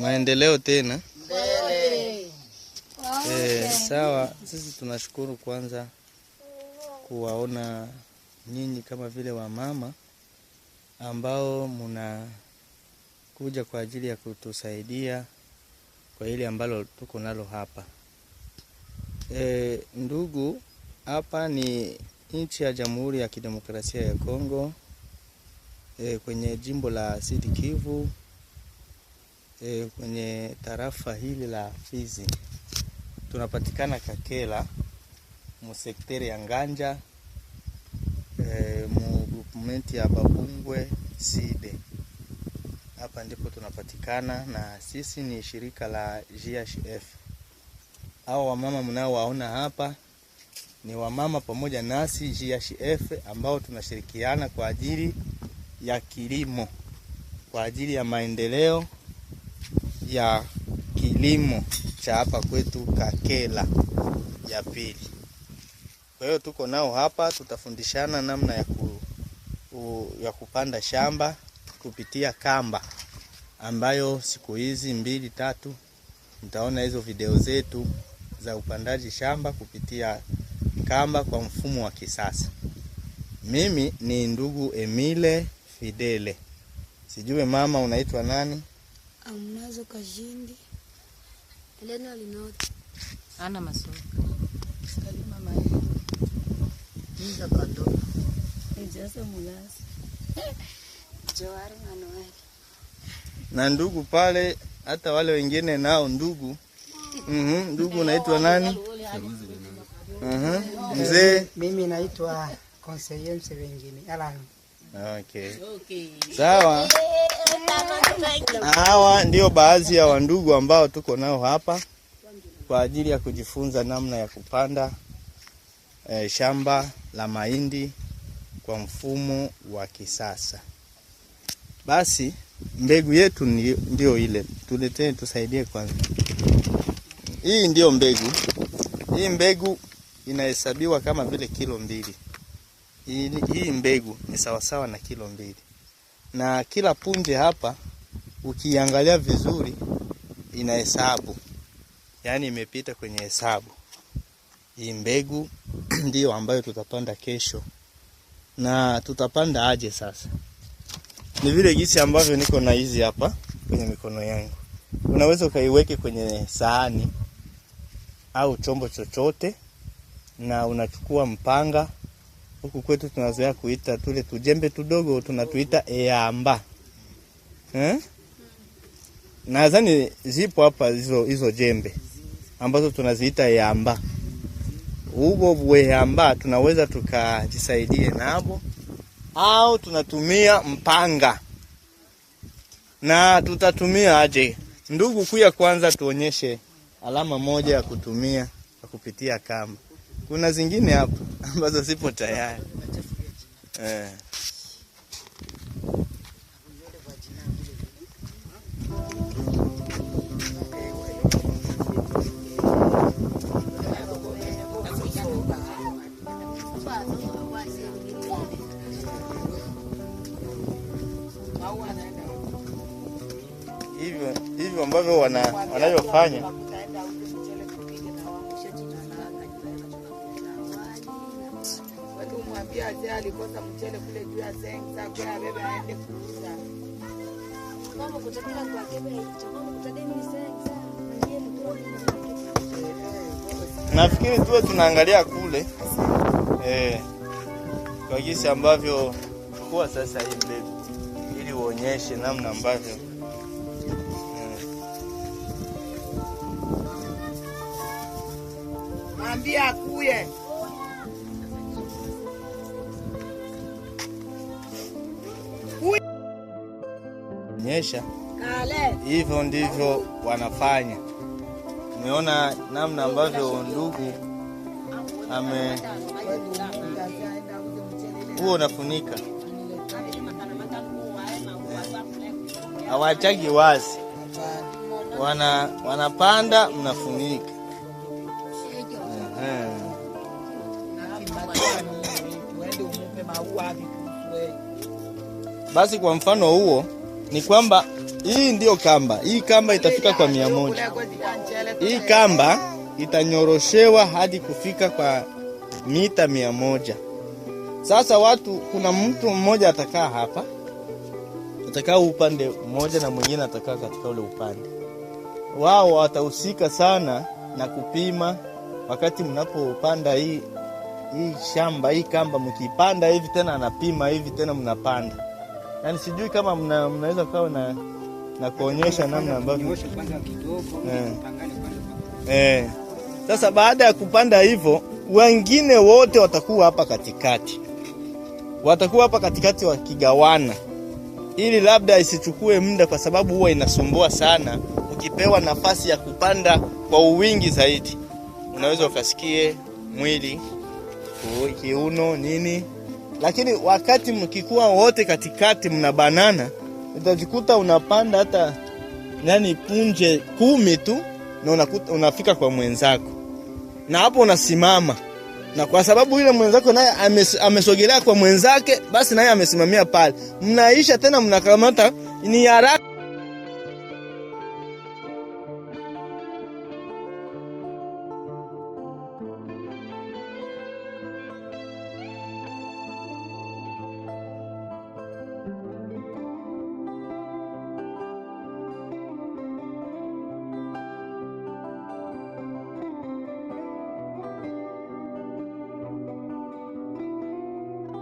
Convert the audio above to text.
maendeleo tena E, sawa. Sisi tunashukuru kwanza kuwaona nyinyi kama vile wamama ambao munakuja kwa ajili ya kutusaidia kwa ili ambalo tuko nalo hapa. E, ndugu, hapa ni nchi ya Jamhuri ya Kidemokrasia ya Kongo e, kwenye jimbo la Sud Kivu. E, kwenye tarafa hili la Fizi tunapatikana Kakela musekteri ya Nganja e, mu ya Babungwe Side. Hapa ndipo tunapatikana na sisi ni shirika la GHF. Hao wamama mnaowaona hapa ni wamama pamoja nasi GHF ambao tunashirikiana kwa ajili ya kilimo, kwa ajili ya maendeleo ya kilimo cha hapa kwetu Kakela ya pili. Kwa hiyo tuko nao hapa, tutafundishana namna ya, ku, u, ya kupanda shamba kupitia kamba ambayo siku hizi mbili tatu mtaona hizo video zetu za upandaji shamba kupitia kamba kwa mfumo wa kisasa. Mimi ni ndugu Emile Fidele, sijue mama unaitwa nani? amnazo kazhinji Elena linoti ana masoko kalima mahindi inza kando ijasa mulasi jowari mwana wake na ndugu pale, hata wale wengine nao ndugu mm Ndugu unaitwa nani? uh mhm, -huh. Mzee, mimi naitwa Konseye Msevengine Alan. Okay, okay sawa. Hawa ndio baadhi ya wandugu ambao tuko nao hapa kwa ajili ya kujifunza namna ya kupanda eh, shamba la mahindi kwa mfumo wa kisasa. Basi mbegu yetu ndio ile, tuleteni tusaidie kwanza. Hii ndiyo mbegu. Hii mbegu inahesabiwa kama vile kilo mbili. Hii, hii mbegu ni sawasawa na kilo mbili na kila punje hapa ukiangalia vizuri ina hesabu yaani imepita kwenye hesabu. Hii mbegu ndiyo ambayo tutapanda kesho. Na tutapanda aje sasa? Ni vile jinsi ambavyo niko na hizi hapa kwenye mikono yangu. Unaweza ukaiweke kwenye sahani au chombo chochote, na unachukua mpanga huku kwetu tunazoea kuita tule tujembe tudogo tunatuita eamba eh? Nadhani zipo hapa hizo hizo jembe ambazo tunaziita eamba. huvo bweamba tunaweza tukajisaidie nabo, au tunatumia mpanga. Na tutatumia aje? Ndugu kuya, kwanza tuonyeshe alama moja ya kutumia ya kupitia kamba. Kuna zingine hapa ambazo zipo tayari eh. hivyo ambavyo wanavyofanya wana mchele kule juu ya sensa aende kuuza. Nafikiri tuwe tunaangalia kule eh, kwa jinsi ambavyo kuwa sasa hii mbele, ili uonyeshe namna ambavyo eh. mwambie akuye kunyesha, hivyo ndivyo wanafanya. Umeona namna ambavyo ndugu ame huo unafunika, eh, hawachagi wazi, wana wanapanda, mnafunika basi. Kwa mfano huo ni kwamba hii ndiyo kamba, hii kamba itafika kwa mia moja. Hii kamba itanyoroshewa hadi kufika kwa mita mia moja. Sasa watu, kuna mtu mmoja atakaa hapa, atakaa upande mmoja na mwingine atakaa katika ule upande. Wao watahusika sana na kupima wakati mnapopanda hii hii shamba, hii kamba mkipanda hivi tena anapima hivi tena mnapanda Yaani sijui kama mna, mnaweza kawa na, na kuonyesha namna ambavyo eh. eh. Sasa baada ya kupanda hivyo, wengine wote watakuwa hapa katikati, watakuwa hapa katikati wakigawana, ili labda isichukue muda, kwa sababu huwa inasumbua sana. Ukipewa nafasi ya kupanda kwa uwingi zaidi, unaweza ukasikie mwili kiuno nini lakini wakati mkikuwa wote katikati mnabanana, utajikuta unapanda hata nani punje kumi tu na unakuta, unafika kwa mwenzako na hapo unasimama, na kwa sababu yule mwenzako naye amesogelea kwa mwenzake, basi naye amesimamia pale, mnaisha tena mnakamata ni haraka.